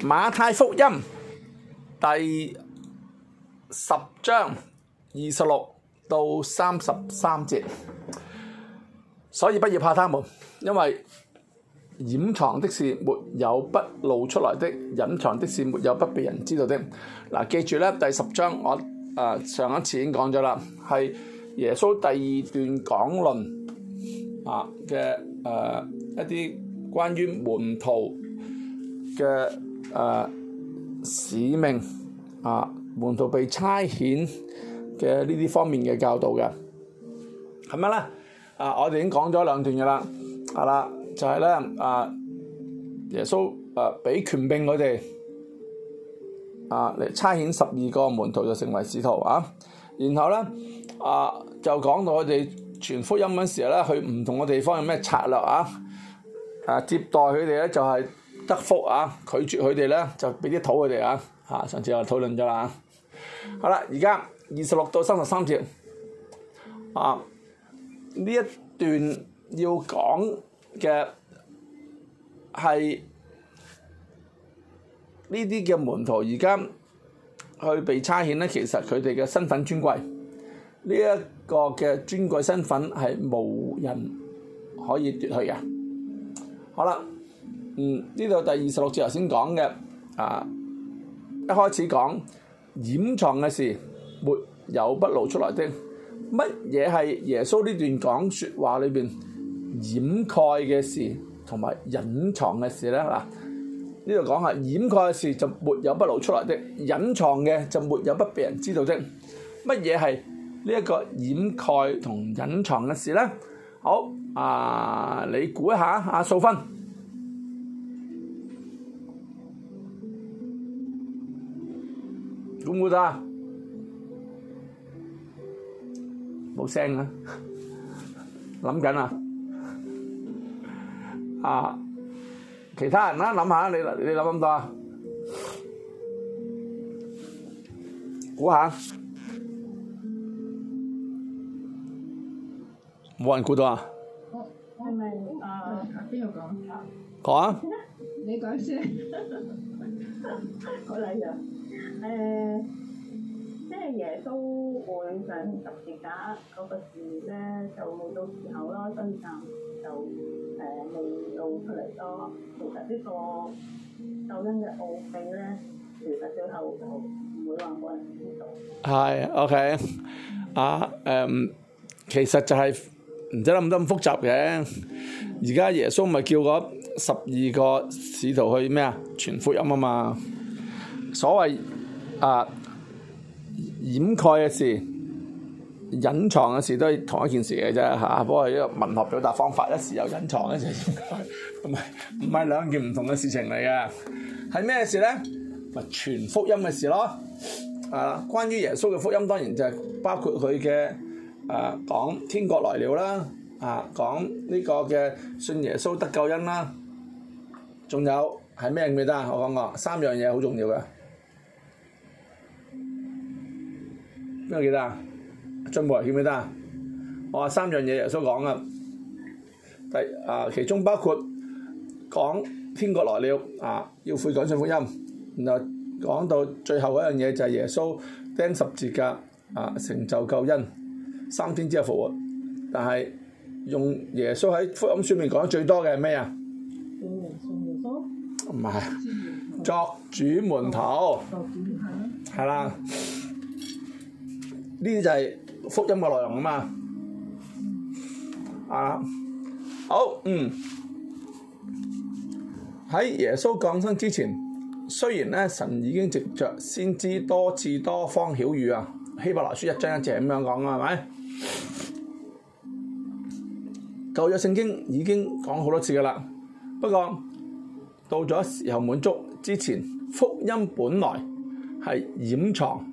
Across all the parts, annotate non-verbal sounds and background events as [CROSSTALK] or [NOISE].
馬太福音第十章二十六到三十三節，所以不要怕他們，因為掩藏的事沒有不露出來的，隱藏的事沒有不被人知道的。嗱、啊，記住咧，第十章我、呃、上一次已經講咗啦，係耶穌第二段講論嘅一啲關於門徒嘅。誒、啊、使命啊，門徒被差遣嘅呢啲方面嘅教導嘅，係咩咧？啊，我哋已經講咗兩段嘅啦，係、啊、啦，就係、是、咧，啊，耶穌誒俾、啊、權柄佢哋啊嚟差遣十二個門徒就成為使徒啊，然後咧啊就講到我哋傳福音嗰陣時候咧，去唔同嘅地方有咩策略啊？誒接待佢哋咧就係、是。得福啊！拒絕佢哋咧，就俾啲土佢哋啊！嚇、啊，上次我討論咗啦。好啦，而家二十六到三十三節啊，呢一段要講嘅係呢啲嘅門徒，而家去被差遣咧，其實佢哋嘅身份尊貴，呢、呢、一個嘅尊貴身份係冇人可以奪去嘅。好啦。嗯，呢度第二十六節頭先講嘅啊，一開始講掩藏嘅事沒有不露出來的，乜嘢係耶穌呢段講説話裏邊掩蓋嘅事同埋隱藏嘅事咧？嗱，呢度講下掩蓋嘅事就沒有不露出來的，隱藏嘅就沒有不被人知道的。乜嘢係呢一個掩蓋同隱藏嘅事咧？好啊，你估一下啊，素芬。估唔估到啊？冇聲啊！諗緊啊！啊！其他人啦，諗下你你諗唔到啊？估下，冇人估到啊？我我係咪啊？邊度講？講？你講先，我嚟嘅。誒、嗯，即係耶穌會上十字架嗰個事咧，就到時候啦，跟住就誒未露出嚟咯。其實、這個、就呢個受恩嘅奧秘咧，其實最後就唔會話冇人知道。係，OK，啊誒、嗯，其實就係唔使諗咁咁複雜嘅。而、嗯、家耶穌咪叫嗰十二個使徒去咩啊？傳福音啊嘛。所謂啊掩蓋嘅事、隱藏嘅事都係同一件事嘅啫嚇，不過係一個文學表達方法，一時又隱藏，一時又掩蓋，唔係唔係兩件唔同嘅事情嚟嘅。係咩事咧？咪、就是、全福音嘅事咯。啊，關於耶穌嘅福音，當然就係包括佢嘅啊講天國來了啦，啊講呢個嘅信耶穌得救恩啦，仲有係咩記唔記得啊？我講過三樣嘢好重要嘅。咩記得啊？進步記唔記得啊？我話三樣嘢耶穌講嘅，第啊其中包括講天國來了啊，要悔改信福音，然後講到最後一樣嘢就係、是、耶穌釘十字架啊，成就救恩，三天之後復活。但係用耶穌喺福音書面講最多嘅係咩啊？唔係作主門徒，係啦。呢啲就係福音嘅內容啊嘛，啊好嗯，喺耶穌降生之前，雖然咧神已經藉着先知多次多方曉諭啊，《希伯來書》一章一節咁樣講啊，係咪？舊約聖經已經講好多次㗎喇，不過到咗時候滿足之前，福音本來係掩藏。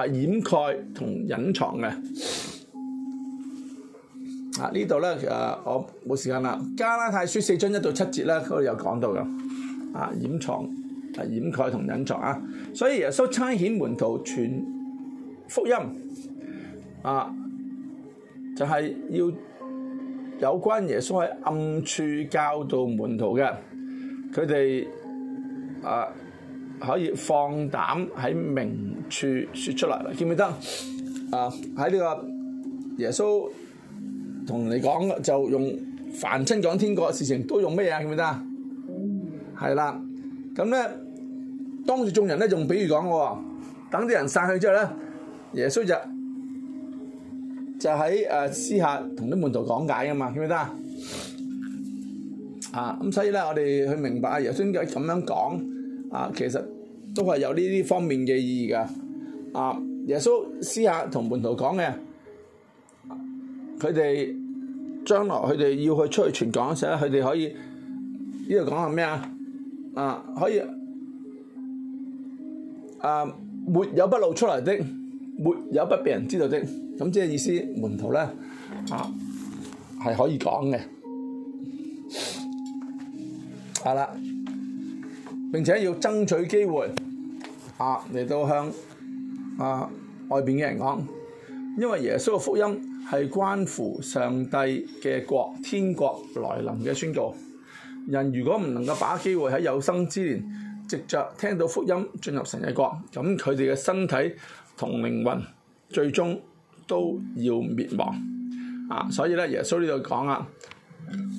啊、掩蓋同隱藏嘅，啊呢度咧，啊我冇時間啦，《加拉太書》四章一到七節咧，佢有講到嘅，啊掩藏、啊掩蓋同隱藏啊，所以耶穌差遣門徒傳福音，啊就係要有關耶穌喺暗處教導門徒嘅，佢哋啊可以放膽喺明處説出嚟，記唔記得？啊，喺呢個耶穌同你講，就用凡親講天國嘅事情都用咩嘢啊？記唔記得啊？係、嗯、啦，咁咧當住眾人咧，仲比如講喎、哦，等啲人散去之後咧，耶穌就就喺誒、呃、私下同啲門徒講解啊嘛，記唔記得啊？咁所以咧，我哋去明白啊，耶穌應該咁樣講啊，其實都係有呢啲方面嘅意義噶。啊！耶穌私下同門徒講嘅，佢哋將來佢哋要去出去傳講嘅時候，佢哋可以呢度講係咩啊？啊，可以啊！沒有不露出來的，沒有不被人知道的，咁即係意思，門徒咧啊，係可以講嘅，係、啊、啦。並且要爭取機會啊，嚟到向。啊！外邊嘅人講，因為耶穌嘅福音係關乎上帝嘅國、天國來臨嘅宣告。人如果唔能夠把握機會喺有生之年，藉着聽到福音進入神嘅國，咁佢哋嘅身體同靈魂最終都要滅亡。啊！所以咧，耶穌呢度講啊，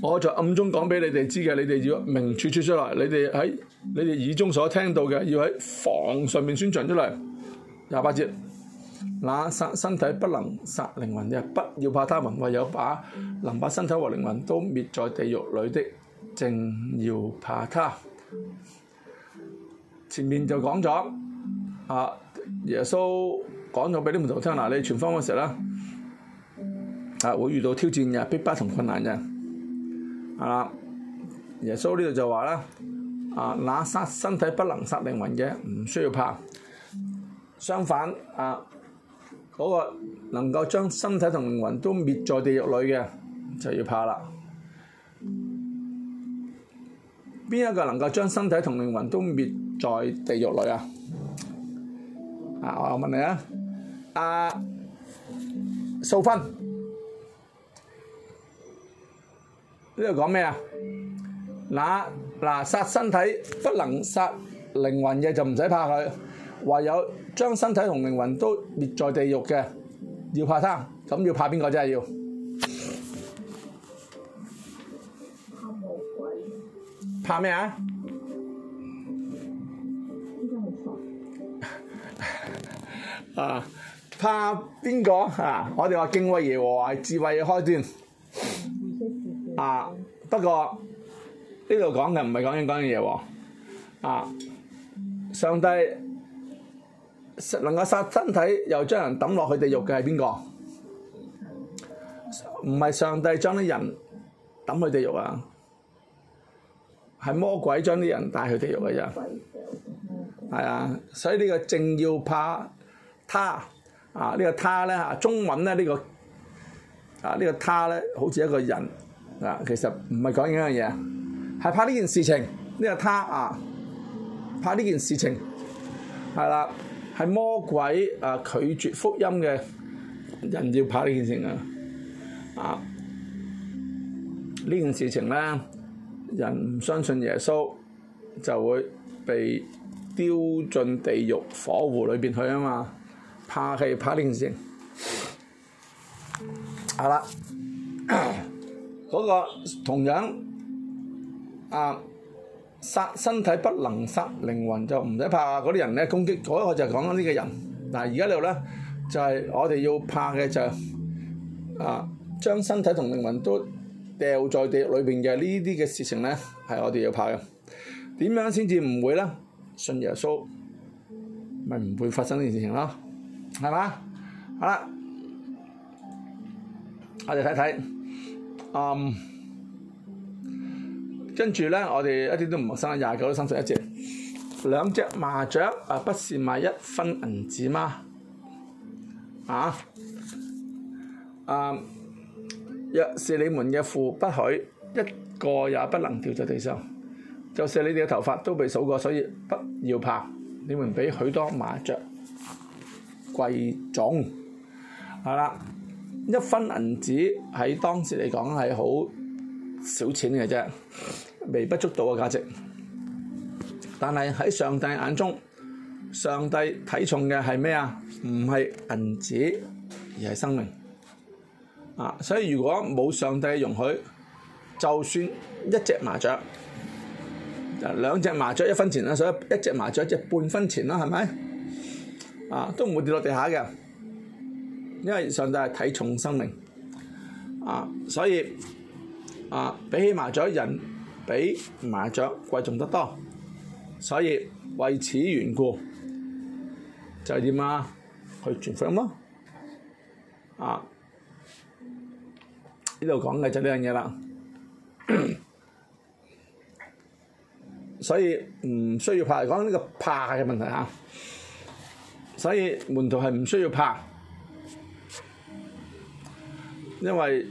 我就暗中講俾你哋知嘅，你哋要明處處出嚟，你哋喺你哋耳中所聽到嘅，要喺房上面宣傳出嚟。廿八節，那殺身體不能殺靈魂嘅，不要怕他們；唯有把能把身體和靈魂都滅在地獄裏的，正要怕他。前面就講咗，啊，耶穌講咗畀啲信徒聽，嗱，你全方音時啦傳福音，啊，會遇到挑戰嘅、逼迫同困難嘅，係、啊、耶穌呢度就話啦，啊，那殺身體不能殺靈魂嘅，唔需要怕。相反，啊，嗰個能夠將身體同靈魂都滅在地獄裏嘅，就要怕啦。邊一個能夠將身體同靈魂都滅在地獄裏啊？啊，我問你啊，啊素芬，呢度講咩啊？嗱嗱，殺身體不能殺靈魂嘅就唔使怕佢，話有。將身體同靈魂都滅在地獄嘅，嗯，要怕他，咁要怕邊個？真係要怕咩 [LAUGHS] 啊？啊！怕邊個啊？我哋話敬畏耶和華智慧嘅開端。啊！不過呢度講嘅唔係講緊嗰樣嘢喎！啊！上帝。能夠殺身體又將人抌落去地獄嘅係邊個？唔係上帝將啲人抌去地獄啊，係魔鬼將啲人帶去地獄嘅啫。係啊，所以呢個正要怕他啊，呢個他咧嚇，中文咧呢個啊呢個他咧，好似一個人啊，其實唔係講緊一樣嘢，係怕呢件事情呢個他啊，怕呢件事情係啦。係魔鬼啊！拒絕福音嘅人要怕呢件事啊！啊，呢件事情咧，人唔相信耶穌就會被丟進地獄火湖裏邊去啊嘛！怕係怕呢件事。係、啊、啦，嗰、那個同樣啊。殺，身體不能殺靈魂，就唔使怕嗰啲人咧攻擊，嗰一個就係講緊呢個人。嗱，而家呢度咧就係我哋要怕嘅就係啊，將身體同靈魂都掉在地獄裏邊嘅呢啲嘅事情咧係我哋要怕嘅。點樣先至唔會咧？信耶穌咪唔會發生呢件事情咯，係嘛？好啦，我哋睇睇啊。跟住咧，我哋一啲都唔陌生啦，廿九都三十一節，兩隻麻雀啊，不是賣一分銀子嗎啊？啊，若是你們嘅父不許，一個也不能掉在地上，就是你哋嘅頭髮都被數過，所以不要怕，你們比許多麻雀貴重。係啦，一分銀子喺當時嚟講係好少錢嘅啫。微不足道嘅價值，但係喺上帝眼中，上帝睇重嘅係咩啊？唔係銀紙，而係生命。啊，所以如果冇上帝嘅容許，就算一隻麻雀，啊、兩隻麻雀一分錢啦，所以一隻麻雀一隻半分錢啦，係咪？啊，都唔會跌落地下嘅，因為上帝係睇重生命。啊，所以啊，比起麻雀人。比麻雀貴重得多，所以為此緣故，就係點啊？去轉發咯，啊！呢度講嘅就呢樣嘢啦，所以唔需要怕。講呢個怕嘅問題吓，所以門徒係唔需要怕，因為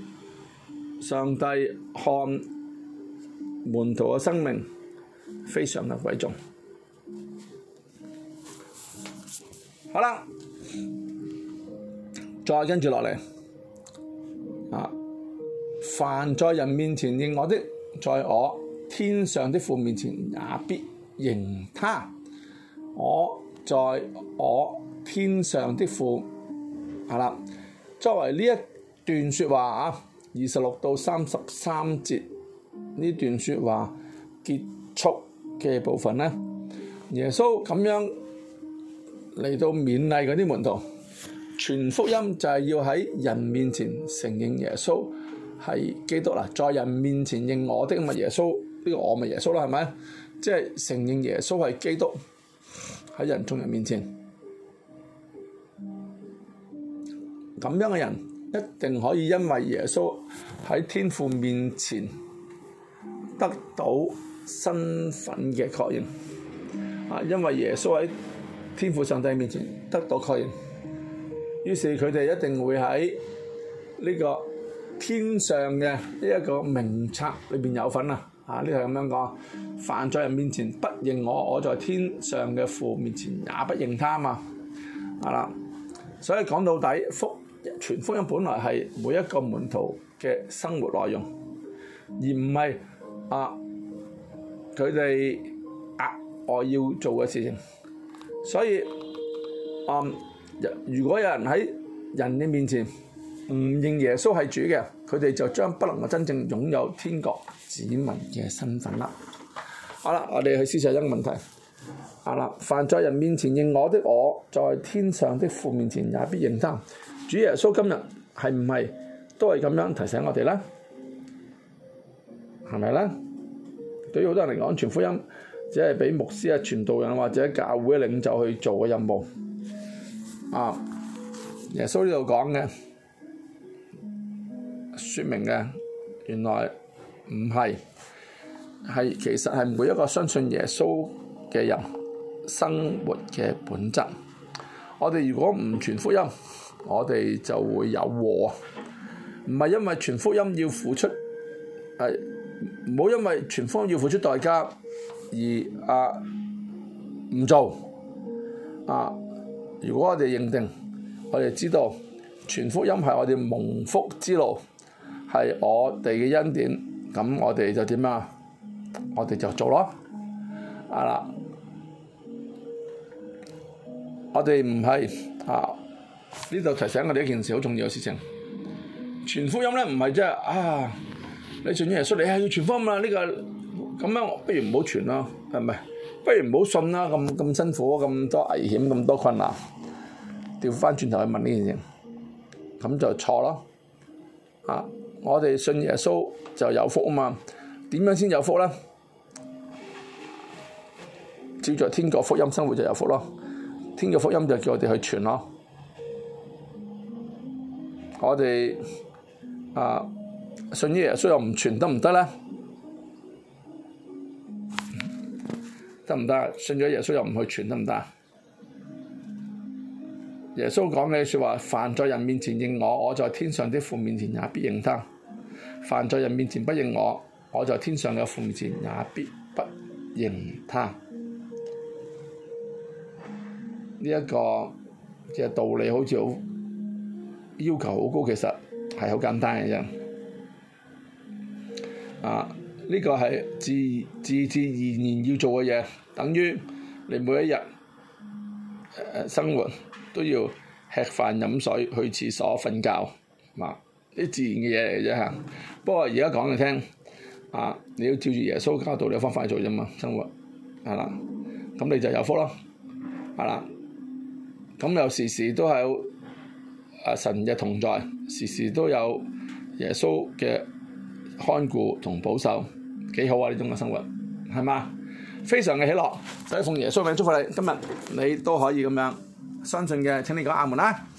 上帝看。門徒嘅生命非常嘅貴重。好啦，再跟住落嚟啊！凡在人面前認我的，在我天上的父面前也必認他。我在我天上的父，好啦。作為呢一段説話啊，二十六到三十三節。呢段説話結束嘅部分呢，耶穌咁樣嚟到勉勵嗰啲門徒，全福音就係要喺人面前承認耶穌係基督啦，在人面前認我的咪、就是、耶穌，呢、這個我咪耶穌啦，係咪？即係承認耶穌係基督喺人眾人面前，咁樣嘅人一定可以因為耶穌喺天父面前。得到身份嘅確認，啊，因為耶穌喺天父上帝面前得到確認，於是佢哋一定會喺呢個天上嘅一個名冊裏邊有份啊！啊，呢係咁樣講，凡在人面前不認我，我在天上嘅父面前也不認他嘛，啊啦，所以講到底，福全福音本來係每一個門徒嘅生活內容，而唔係。啊！佢哋呃我要做嘅事情，所以，嗯，如果有人喺人嘅面前唔認耶穌係主嘅，佢哋就將不能夠真正擁有天國子民嘅身份啦。好、啊、啦，我哋去思考一個問題。啊啦，凡在人面前認我的我，我在天上的父面前也必認他。主耶穌今日係唔係都係咁樣提醒我哋咧？係咪咧？對於好多人嚟講，傳福音只係畀牧師啊、傳道人或者教會嘅領袖去做嘅任務。啊，耶穌呢度講嘅，説明嘅，原來唔係，係其實係每一個相信耶穌嘅人生活嘅本質。我哋如果唔傳福音，我哋就會有禍。唔係因為傳福音要付出係。哎唔好因為傳福音要付出代價而啊唔做啊！如果我哋認定，我哋知道傳福音係我哋蒙福之路，係我哋嘅恩典，咁我哋就點啊？我哋就做咯！啊啦，我哋唔係啊！呢度提醒我哋一件事好重要嘅事情，傳福音咧唔係即係啊～你信耶穌你係要傳福音啊嘛？呢個咁樣，不如唔好傳咯，係咪？不如唔好信啦，咁咁辛苦，咁多危險，咁多困難，調翻轉頭去問呢件事，咁就錯咯。啊！我哋信耶穌就有福啊嘛？點樣先有福咧？照着天國福音生活就有福咯。天國福音就叫我哋去傳咯。我哋啊～信咗耶穌又唔傳得唔得咧？得唔得？信咗耶穌又唔去傳得唔得？耶穌講嘅説話：凡在人面前認我，我在天上啲父面前也必認他；凡在人面前不認我，我在天上嘅父面前也必不認他。呢、這、一個即係道理好，好似好要求好高，其實係好簡單嘅啫。啊！呢、這個係自自自然然要做嘅嘢，等於你每一日、呃、生活都要吃飯、飲水、去廁所、瞓覺，嘛、啊、啲自然嘅嘢嚟啫嚇。不過而家講嚟聽，啊，你要照住耶穌教導你有方法去做啫嘛，生活係啦，咁、啊、你就有福咯，係、啊、啦，咁有時時都係阿神嘅同在，時時都有耶穌嘅。看顧同保守，幾好啊！呢種嘅生活係咪？非常嘅喜樂，所以奉耶穌名祝福你，今日你都可以咁樣相信嘅。請你講阿門啦、啊！